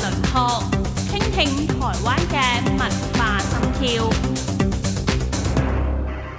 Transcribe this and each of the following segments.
輪廓，傾聽。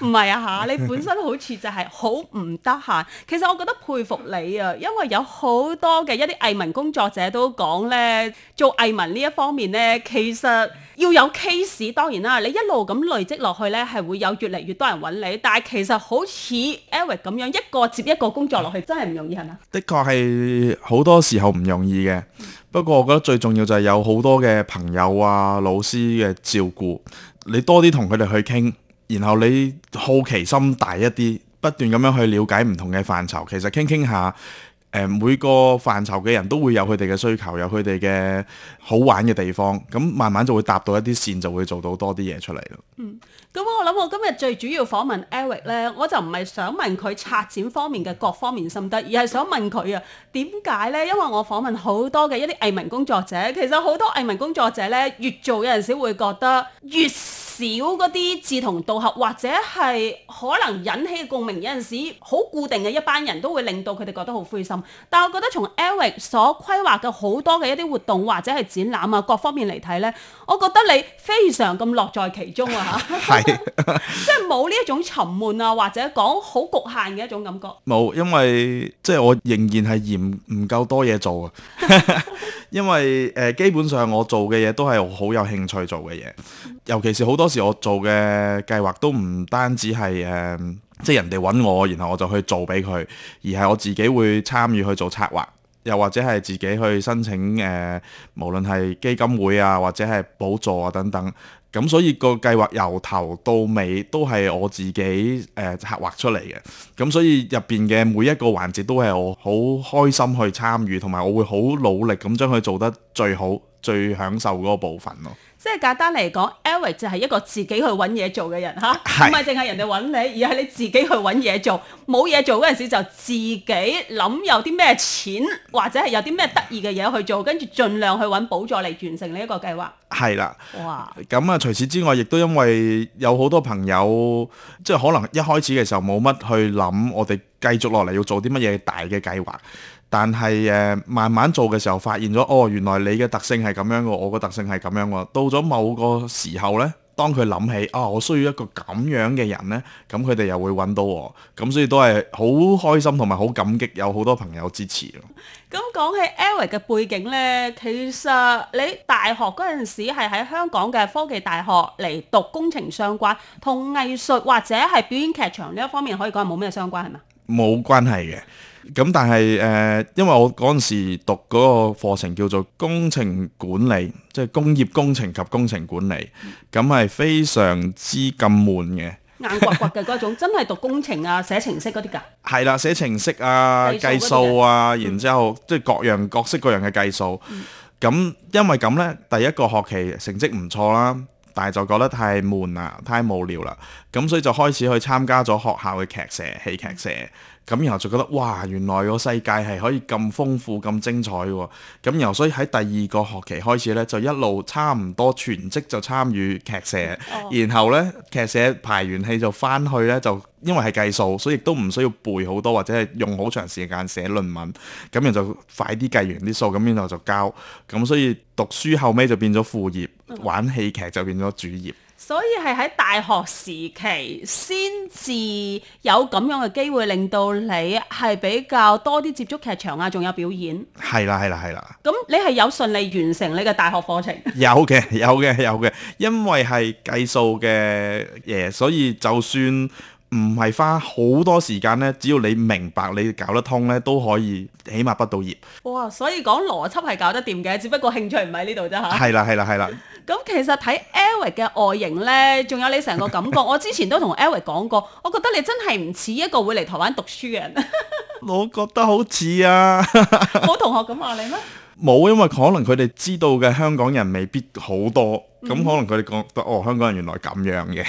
唔係啊吓，你本身好似就係好唔得閒。其實我覺得佩服你啊，因為有好多嘅一啲藝文工作者都講呢，做藝文呢一方面呢，其實要有 case，當然啦，你一路咁累積落去呢，係會有越嚟越多人揾你。但係其實好似 Eric 咁樣，一個接一個工作落去，真係唔容易，係咪？的確係好多時候唔容易嘅。不過我覺得最重要就係有好多嘅朋友啊、老師嘅照顧，你多啲同佢哋去傾。然後你好奇心大一啲，不斷咁樣去了解唔同嘅範疇，其實傾傾下，誒每個範疇嘅人都會有佢哋嘅需求，有佢哋嘅好玩嘅地方，咁慢慢就會搭到一啲線，就會做到多啲嘢出嚟咯。嗯，咁我諗我今日最主要訪問 Eric 呢，我就唔係想問佢策展方面嘅各方面心得，而係想問佢啊點解呢，因為我訪問好多嘅一啲藝文工作者，其實好多藝文工作者呢，越做有陣時會覺得越少嗰啲志同道合，或者係可能引起共鳴，有陣時，好固定嘅一班人都會令到佢哋覺得好灰心。但我覺得從 Eric 所規劃嘅好多嘅一啲活動或者係展覽啊，各方面嚟睇呢，我覺得你非常咁樂在其中啊！ 即係冇呢一種沉悶啊，或者講好局限嘅一種感覺。冇， 因為即係、就是、我仍然係嫌唔夠多嘢做啊。 因為誒、呃，基本上我做嘅嘢都係好有興趣做嘅嘢。尤其是好多時我做嘅計劃都唔單止係誒，即、呃、係、就是、人哋揾我，然後我就去做俾佢，而係我自己會參與去做策劃，又或者係自己去申請誒、呃，無論係基金會啊，或者係補助啊等等。咁所以個計劃由頭到尾都係我自己誒、呃、策劃出嚟嘅。咁所以入邊嘅每一個環節都係我好開心去參與，同埋我會好努力咁將佢做得最好、最享受嗰個部分咯。即係簡單嚟講，Eric 就係一個自己去揾嘢做嘅人嚇，唔係淨係人哋揾你，而係你自己去揾嘢做。冇嘢做嗰陣時就自己諗有啲咩錢，或者係有啲咩得意嘅嘢去做，跟住盡量去揾補助嚟完成呢一個計劃。係啦，哇！咁啊，除此之外，亦都因為有好多朋友，即係可能一開始嘅時候冇乜去諗，我哋繼續落嚟要做啲乜嘢大嘅計劃。但係誒，慢慢做嘅時候發現咗，哦，原來你嘅特性係咁樣嘅，我個特性係咁樣喎。到咗某個時候咧，當佢諗起，哦，我需要一個咁樣嘅人咧，咁佢哋又會揾到我，咁所以都係好開心同埋好感激有好多朋友支持。咁講起 Eric 嘅背景咧，其實你大學嗰陣時係喺香港嘅科技大學嚟讀工程相關，同藝術或者係表演劇場呢一方面可以講係冇咩相關係嘛？冇關係嘅。咁但係誒，因為我嗰陣時讀嗰個課程叫做工程管理，即係工業工程及工程管理，咁係非常之咁悶嘅。硬掘掘嘅嗰種，真係讀工程啊，寫程式嗰啲㗎。係啦，寫程式啊，計數啊，然之後即係各樣各式各樣嘅計數。咁因為咁呢，第一個學期成績唔錯啦，但係就覺得太悶啦，太無聊啦，咁所以就開始去參加咗學校嘅劇社、戲劇社。咁然後就覺得哇，原來個世界係可以咁豐富、咁精彩喎！咁然後所以喺第二個學期開始咧，就一路差唔多全職就參與劇社。哦、然後咧劇社排完戲就翻去咧，就因為係計數，所以亦都唔需要背好多或者係用好長時間寫論文，咁然後就快啲計完啲數，咁然後就交。咁所以讀書後尾就變咗副業，玩戲劇就變咗主業。嗯所以係喺大學時期先至有咁樣嘅機會，令到你係比較多啲接觸劇場啊，仲有表演。係啦，係啦，係啦。咁你係有順利完成你嘅大學課程？有嘅，有嘅，有嘅。因為係計數嘅嘢，所以就算唔係花好多時間呢，只要你明白你搞得通呢，都可以起碼畢到業。哇！所以講邏輯係搞得掂嘅，只不過興趣唔喺呢度啫嚇。係啦，係啦，係啦。咁其實睇 Eric 嘅外形呢，仲有你成個感覺， 我之前都同 Eric 講過，我覺得你真係唔似一個會嚟台灣讀書嘅人。 我覺得好似啊，冇 同學咁話你咩？冇，因為可能佢哋知道嘅香港人未必好多。咁、嗯、可能佢哋覺得哦，香港人原來咁樣嘅。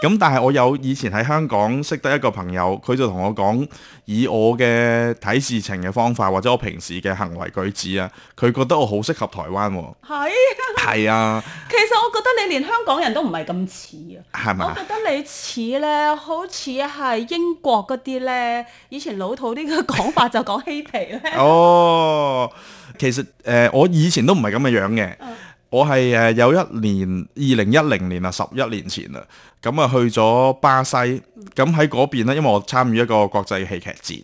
咁 但係我有以前喺香港識得一個朋友，佢就同我講，以我嘅睇事情嘅方法，或者我平時嘅行為舉止啊，佢覺得我好適合台灣喎。係啊。係啊。其實我覺得你連香港人都唔係咁似啊。係咪吧？我覺得你似咧，好似係英國嗰啲咧，以前老土啲嘅講法就講嬉皮咧。 哦，其實誒、呃，我以前都唔係咁嘅樣嘅。嗯我係誒，有一年，二零一零年啊十一年前啦，咁啊去咗巴西，咁喺嗰邊呢，因為我參與一個國際戲劇節，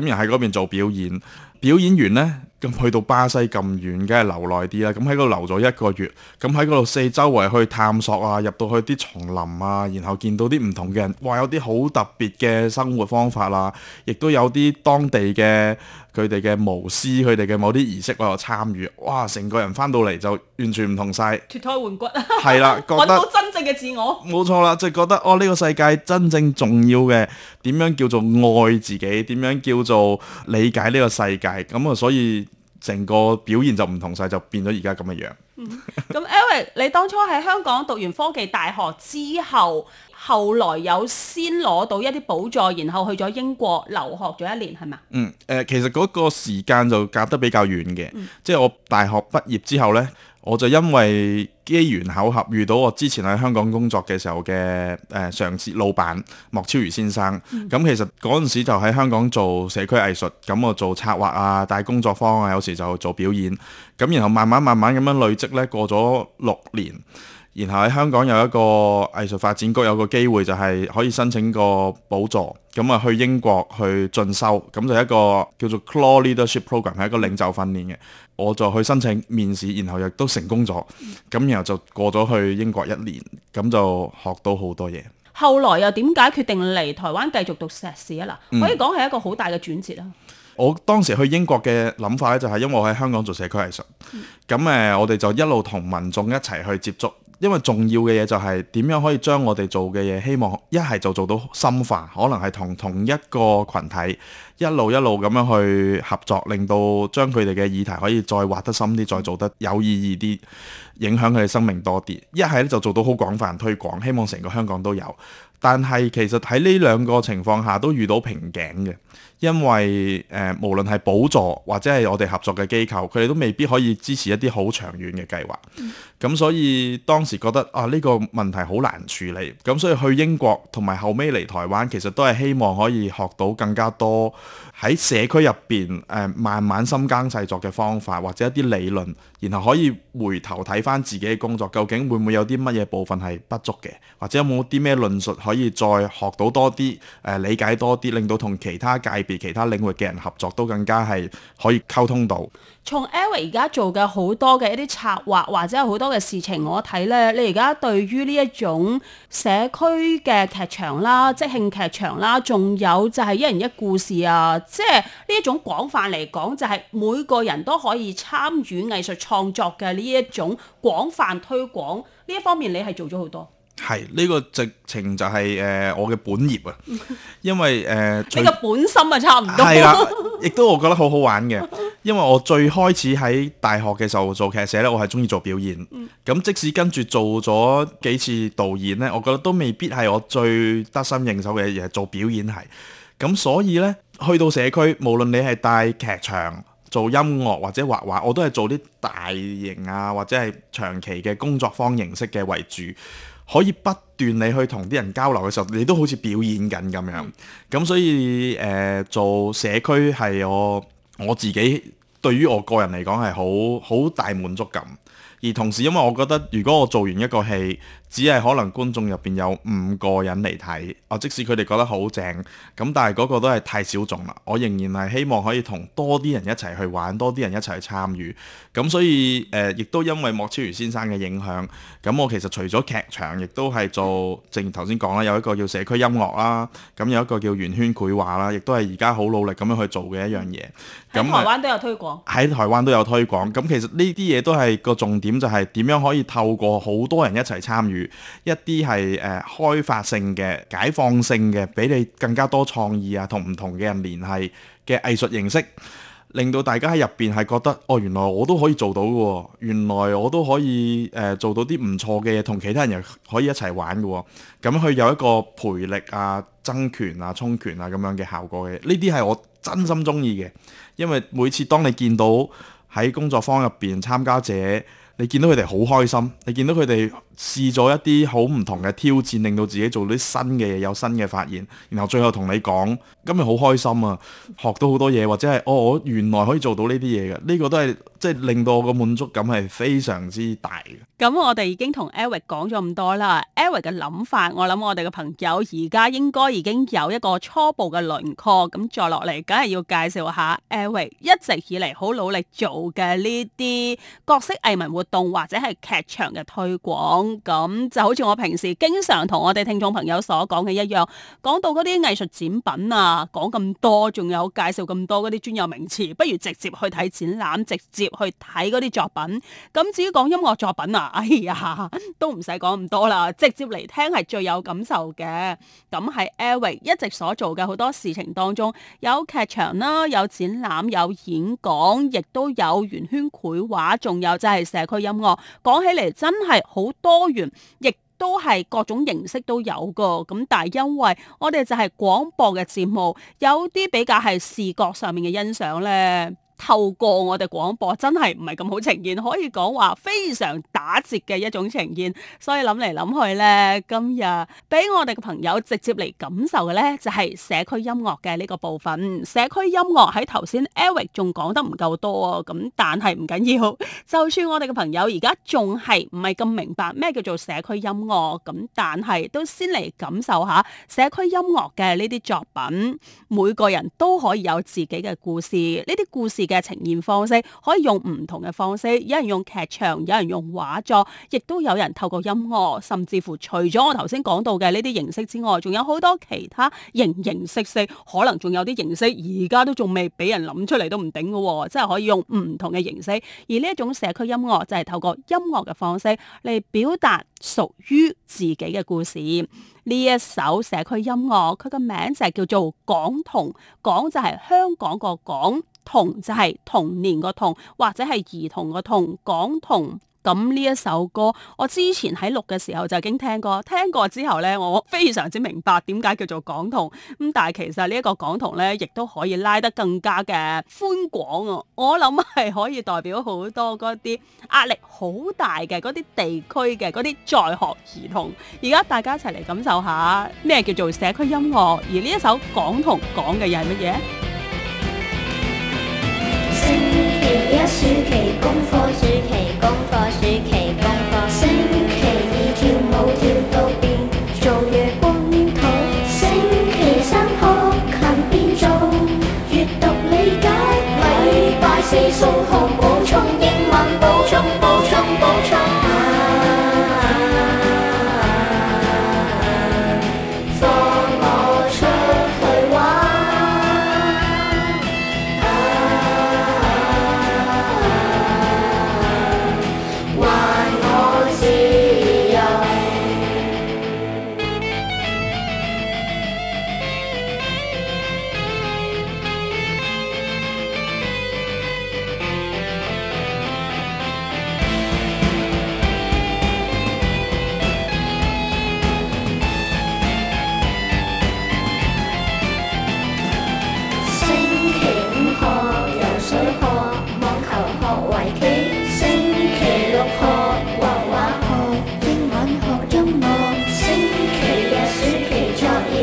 咁又喺嗰邊做表演，表演完呢，咁去到巴西咁遠，梗係留耐啲啦。咁喺嗰度留咗一個月，咁喺嗰度四周圍去探索啊，入到去啲叢林啊，然後見到啲唔同嘅人，話，有啲好特別嘅生活方法啦，亦都有啲當地嘅。佢哋嘅巫師，佢哋嘅某啲儀式，我有參與，哇！成個人翻到嚟就完全唔同晒，脫胎換骨啊！係啦，搵到真正嘅自我，冇錯啦，就覺得哦，呢個世界真正重要嘅點樣叫做愛自己，點樣叫做理解呢個世界，咁啊，所以成個表現就唔同晒，就變咗而家咁嘅樣。咁 Eric 你當初喺香港讀完科技大學之後。後來有先攞到一啲補助，然後去咗英國留學咗一年，係嘛？嗯，誒、呃，其實嗰個時間就隔得比較遠嘅，嗯、即係我大學畢業之後呢，我就因為機緣巧合遇到我之前喺香港工作嘅時候嘅誒、呃、上司老闆莫超瑜先生。咁、嗯、其實嗰陣時就喺香港做社區藝術，咁我做策劃啊，帶工作坊、啊，有時就做表演。咁然後慢慢慢慢咁樣累積呢，過咗六年。然後喺香港有一個藝術發展局有個機會就係可以申請個補助，咁啊去英國去進修，咁就一個叫做 Clore Leadership Programme 係一個領袖訓練嘅，我就去申請面試，然後亦都成功咗，咁然後就過咗去英國一年，咁就學到好多嘢。後來又點解決定嚟台灣繼續讀碩士啊？嗱、嗯，可以講係一個好大嘅轉折啦。我當時去英國嘅諗法咧，就係因為我喺香港做社區藝術，咁誒、嗯、我哋就一路同民眾一齊去接觸。因為重要嘅嘢就係點樣可以將我哋做嘅嘢，希望一係就做到深化，可能係同同一個群體一路一路咁樣去合作，令到將佢哋嘅議題可以再挖得深啲，再做得有意義啲，影響佢哋生命多啲。一係咧就做到好廣泛推廣，希望成個香港都有。但係其實喺呢兩個情況下都遇到瓶頸嘅。因為誒、呃，無論係補助或者係我哋合作嘅機構，佢哋都未必可以支持一啲好長遠嘅計劃。咁、嗯嗯、所以當時覺得啊、呢、這個問題好難處理。咁、嗯、所以去英國同埋後屘嚟，台灣其實都係希望可以學到更加多喺社區入邊誒，慢慢深耕細作嘅方法，或者一啲理論，然後可以回頭睇翻自己嘅工作，究竟會唔會有啲乜嘢部分係不足嘅，或者有冇啲咩論述可以再學到多啲誒、呃，理解多啲，令到同其他界別其他領域嘅人合作都更加係可以溝通到。從 Eric 而家做嘅好多嘅一啲策劃，或者好多嘅事情，我睇咧，你而家對於呢一種社區嘅劇場啦、即興劇場啦，仲有就係一人一故事啊，即係呢一種廣泛嚟講，就係每個人都可以參與藝術創作嘅呢一種廣泛推廣呢一方面，你係做咗好多。係呢、這個直情就係、是、誒、呃、我嘅本業啊，因為誒呢、呃、個本心啊差唔多係啦，亦都我覺得好好玩嘅，因為我最開始喺大學嘅時候做劇社呢，我係中意做表演。咁、嗯、即使跟住做咗幾次導演呢，我覺得都未必係我最得心應手嘅嘢，做表演係。咁所以呢，去到社區，無論你係帶劇場、做音樂或者畫畫，我都係做啲大型啊或者係長期嘅工作坊形式嘅為主。可以不斷你去同啲人交流嘅時候，你都好似表演緊咁樣，咁所以誒、呃、做社區係我我自己對於我個人嚟講係好好大滿足感。而同時，因為我覺得如果我做完一個戲，只係可能觀眾入邊有五個人嚟睇，我即使佢哋覺得好正，咁但係嗰個都係太少眾啦。我仍然係希望可以同多啲人一齊去玩，多啲人一齊去參與。咁所以誒，亦都因為莫超如先生嘅影響，咁我其實除咗劇場，亦都係做，正如頭先講啦，有一個叫社區音樂啦，咁有一個叫圓圈繪畫啦，亦都係而家好努力咁樣去做嘅一樣嘢。喺台灣都有推廣。喺台灣都有推廣。咁其實呢啲嘢都係個。重點就係點樣可以透過好多人一齊參與，一啲係誒開發性嘅、解放性嘅，俾你更加多創意啊，同唔同嘅人聯繫嘅藝術形式，令到大家喺入邊係覺得哦，原來我都可以做到嘅、哦，原來我都可以誒、呃、做到啲唔錯嘅嘢，同其他人又可以一齊玩嘅、哦，咁佢有一個培力啊、增權啊、充權啊咁樣嘅效果嘅。呢啲係我真心中意嘅，因為每次當你見到。喺工作坊入邊，參加者你見到佢哋好開心，你見到佢哋試咗一啲好唔同嘅挑戰，令到自己做啲新嘅嘢，有新嘅發現，然後最後同你講今日好開心啊，學到好多嘢，或者係哦我原來可以做到呢啲嘢嘅，呢個都係。即係令到我嘅滿足感係非常之大嘅。咁、嗯、我哋已經同 Eric 講咗咁多啦，Eric 嘅諗法，我諗我哋嘅朋友而家應該已經有一個初步嘅輪廓。咁、嗯、再落嚟，梗係要介紹下 Eric 一直以嚟好努力做嘅呢啲角色藝文活動或者係劇場嘅推廣。咁、嗯、就好似我平時經常同我哋聽眾朋友所講嘅一樣，講到嗰啲藝術展品啊，講咁多，仲有介紹咁多嗰啲專有名詞，不如直接去睇展覽，直接。去睇嗰啲作品，咁至於講音樂作品啊，哎呀，都唔使講咁多啦，直接嚟聽係最有感受嘅。咁喺 Eric 一直所做嘅好多事情當中，有劇場啦，有展覽，有演講，亦都有圓圈繪畫，仲有就係社區音樂。講起嚟真係好多元，亦都係各種形式都有㗎。咁但係因為我哋就係廣播嘅節目，有啲比較係視覺上面嘅欣賞咧。透過我哋廣播真係唔係咁好呈現，可以講話非常打折嘅一種呈現。所以諗嚟諗去咧，今日俾我哋嘅朋友直接嚟感受嘅咧，就係社區音樂嘅呢個部分。社區音樂喺頭先 Eric 仲講得唔夠多，咁但係唔緊要。就算我哋嘅朋友而家仲係唔係咁明白咩叫做社區音樂，咁但係都先嚟感受下社區音樂嘅呢啲作品。每個人都可以有自己嘅故事，呢啲故事嘅嘅呈現方式可以用唔同嘅方式，有人用劇場，有人用畫作，亦都有人透過音樂，甚至乎除咗我頭先講到嘅呢啲形式之外，仲有好多其他形形色色，可能仲有啲形式而家都仲未俾人諗出嚟都唔頂㗎喎，即係可以用唔同嘅形式。而呢一種社區音樂就係透過音樂嘅方式嚟表達屬於自己嘅故事。呢一首社區音樂佢嘅名就係叫做《港童》，港就係香港個港。童就係童年個童，或者係兒童個童。港童。咁呢一首歌，我之前喺錄嘅時候就已經聽過，聽過之後呢，我非常之明白點解叫做港童。咁但係其實呢一個港童呢，亦都可以拉得更加嘅寬廣。我諗係可以代表好多嗰啲壓力好大嘅嗰啲地區嘅嗰啲在學兒童。而家大家一齊嚟感受下咩叫做社區音樂，而呢一首港童講嘅又係乜嘢？暑期，K, 功課，暑期，功課。暑期。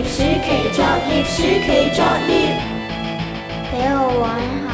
暑期作業，暑期作業，俾我玩下。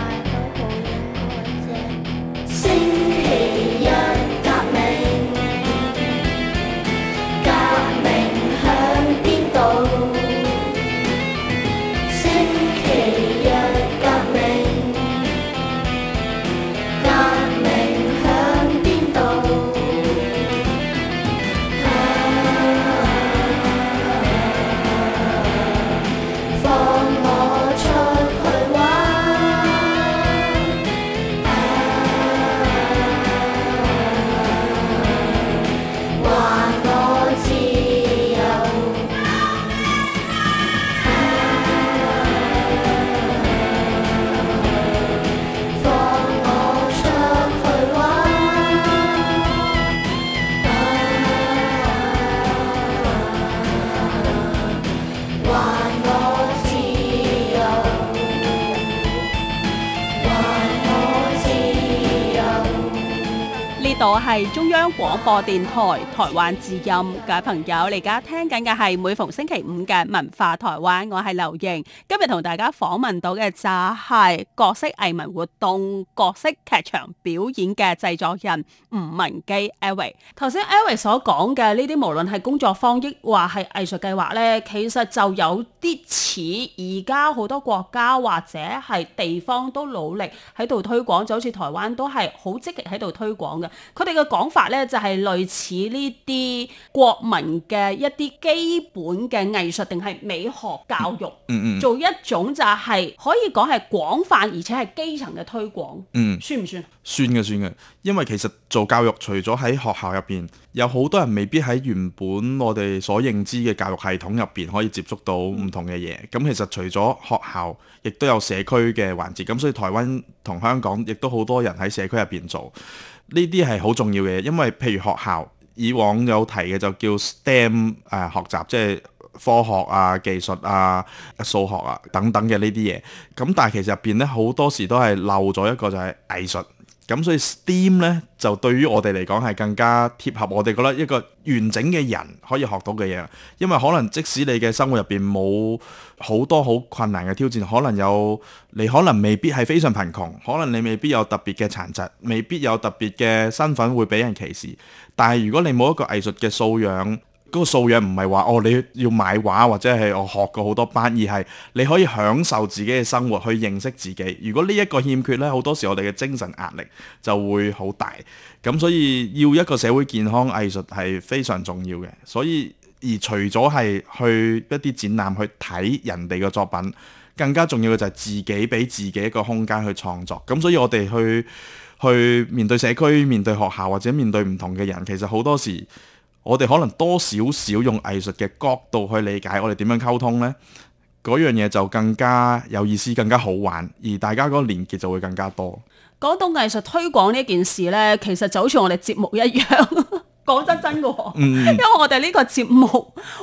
廣播電台台灣之音嘅朋友，你而家聽緊嘅係每逢星期五嘅文化台灣，我係劉瑩。今日同大家訪問到嘅就係各式藝文活動、各式劇場表演嘅製作人吳文基 Eric，頭先 Eric 所講嘅呢啲，無論係工作坊亦或係藝術計劃呢，其實就有啲似而家好多國家或者係地方都努力喺度推廣，就好似台灣都係好積極喺度推廣嘅。佢哋嘅講法呢，就是。就係類似呢啲國民嘅一啲基本嘅藝術，定係美學教育，嗯嗯嗯、做一種就係、是、可以講係廣泛而且係基層嘅推廣，嗯，算唔算？算嘅，算嘅。因為其實做教育，除咗喺學校入邊，有好多人未必喺原本我哋所認知嘅教育系統入邊可以接觸到唔同嘅嘢。咁、嗯、其實除咗學校，亦都有社區嘅環節。咁所以台灣同香港亦都好多人喺社區入邊做。呢啲係好重要嘅，因為譬如學校以往有提嘅就叫 STEM 誒、呃、學習，即係科學啊、技術啊、數學啊等等嘅呢啲嘢。咁但係其實入邊咧好多時都係漏咗一個就係藝術。咁所以 Steam 咧就對於我哋嚟講係更加貼合我哋覺得一個完整嘅人可以學到嘅嘢，因為可能即使你嘅生活入邊冇好多好困難嘅挑戰，可能有你可能未必係非常貧窮，可能你未必有特別嘅殘疾，未必有特別嘅身份會俾人歧視，但係如果你冇一個藝術嘅素養。嗰個素養唔係話哦，你要買畫或者係我學過好多班，而係你可以享受自己嘅生活去認識自己。如果呢一個欠缺呢，好多時我哋嘅精神壓力就會好大。咁所以要一個社會健康藝術係非常重要嘅。所以而除咗係去一啲展覽去睇人哋嘅作品，更加重要嘅就係自己俾自己一個空間去創作。咁所以我哋去去面對社區、面對學校或者面對唔同嘅人，其實好多時。我哋可能多少少用藝術嘅角度去理解我哋點樣溝通呢？嗰樣嘢就更加有意思、更加好玩，而大家個連結就會更加多。講到藝術推廣呢件事呢，其實就好似我哋節目一樣。 講真真嘅喎，因為我哋呢個節目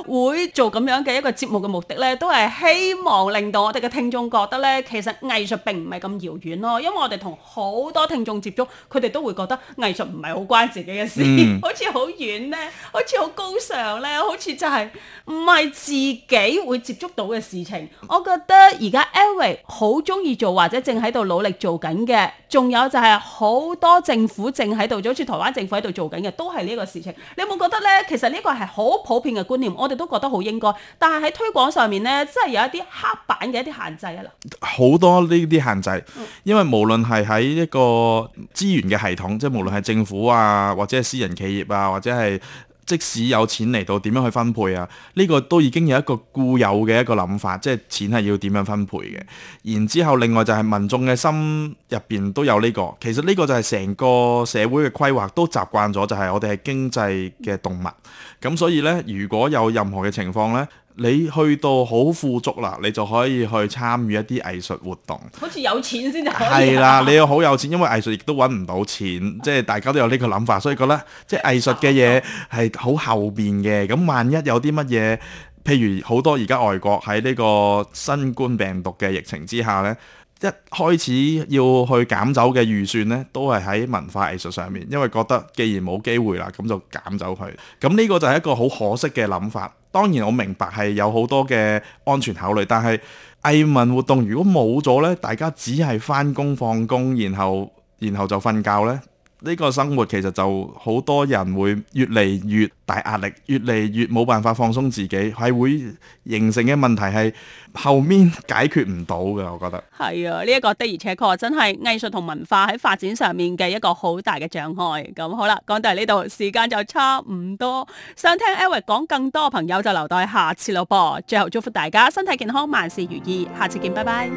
會做咁樣嘅一個節目嘅目的呢，都係希望令到我哋嘅聽眾覺得呢，其實藝術並唔係咁遙遠咯。因為我哋同好多聽眾接觸，佢哋都會覺得藝術唔係好關自己嘅事，嗯、好似好遠呢，好似好高尚呢，好似就係唔係自己會接觸到嘅事情。我覺得而家 Eric 好中意做或者正喺度努力做緊嘅，仲有就係好多政府正喺度，就好似台灣政府喺度做緊嘅，都係呢、呢個。你有冇覺得呢？其實呢個係好普遍嘅觀念，我哋都覺得好應該。但係喺推廣上面呢，真係有一啲黑板嘅一啲限制啊！啦，好多呢啲限制，嗯、因為無論係喺一個資源嘅系統，即係無論係政府啊，或者係私人企業啊，或者係。即使有錢嚟到，點樣去分配啊？呢個都已經有一個固有嘅一個諗法，即係錢係要點樣分配嘅。然之後，另外就係民眾嘅心入邊都有呢個。其實呢個就係成個社會嘅規劃都習慣咗，就係我哋係經濟嘅動物。咁所以呢，如果有任何嘅情況呢。你去到好富足啦，你就可以去參與一啲藝術活動。好似有錢先就可以。係啦，你要好有錢，因為藝術亦都揾唔到錢，即係大家都有呢個諗法，所以覺得即係藝術嘅嘢係好後邊嘅。咁萬一有啲乜嘢，譬如好多而家外國喺呢個新冠病毒嘅疫情之下呢。一開始要去減走嘅預算呢，都係喺文化藝術上面，因為覺得既然冇機會啦，咁就減走佢。咁呢個就係一個好可惜嘅諗法。當然我明白係有好多嘅安全考慮，但係藝文活動如果冇咗呢，大家只係返工放工，然後然後就瞓覺呢。呢個生活其實就好多人會越嚟越大壓力，越嚟越冇辦法放鬆自己，係會形成嘅問題係後面解決唔到嘅，我覺得。係啊，呢、這、一個的而且確真係藝術同文化喺發展上面嘅一個大好大嘅障礙。咁好啦，講到呢度時間就差唔多，想聽 Eric 講更多朋友就留待下次咯噃。最後祝福大家身體健康，萬事如意，下次見，拜拜。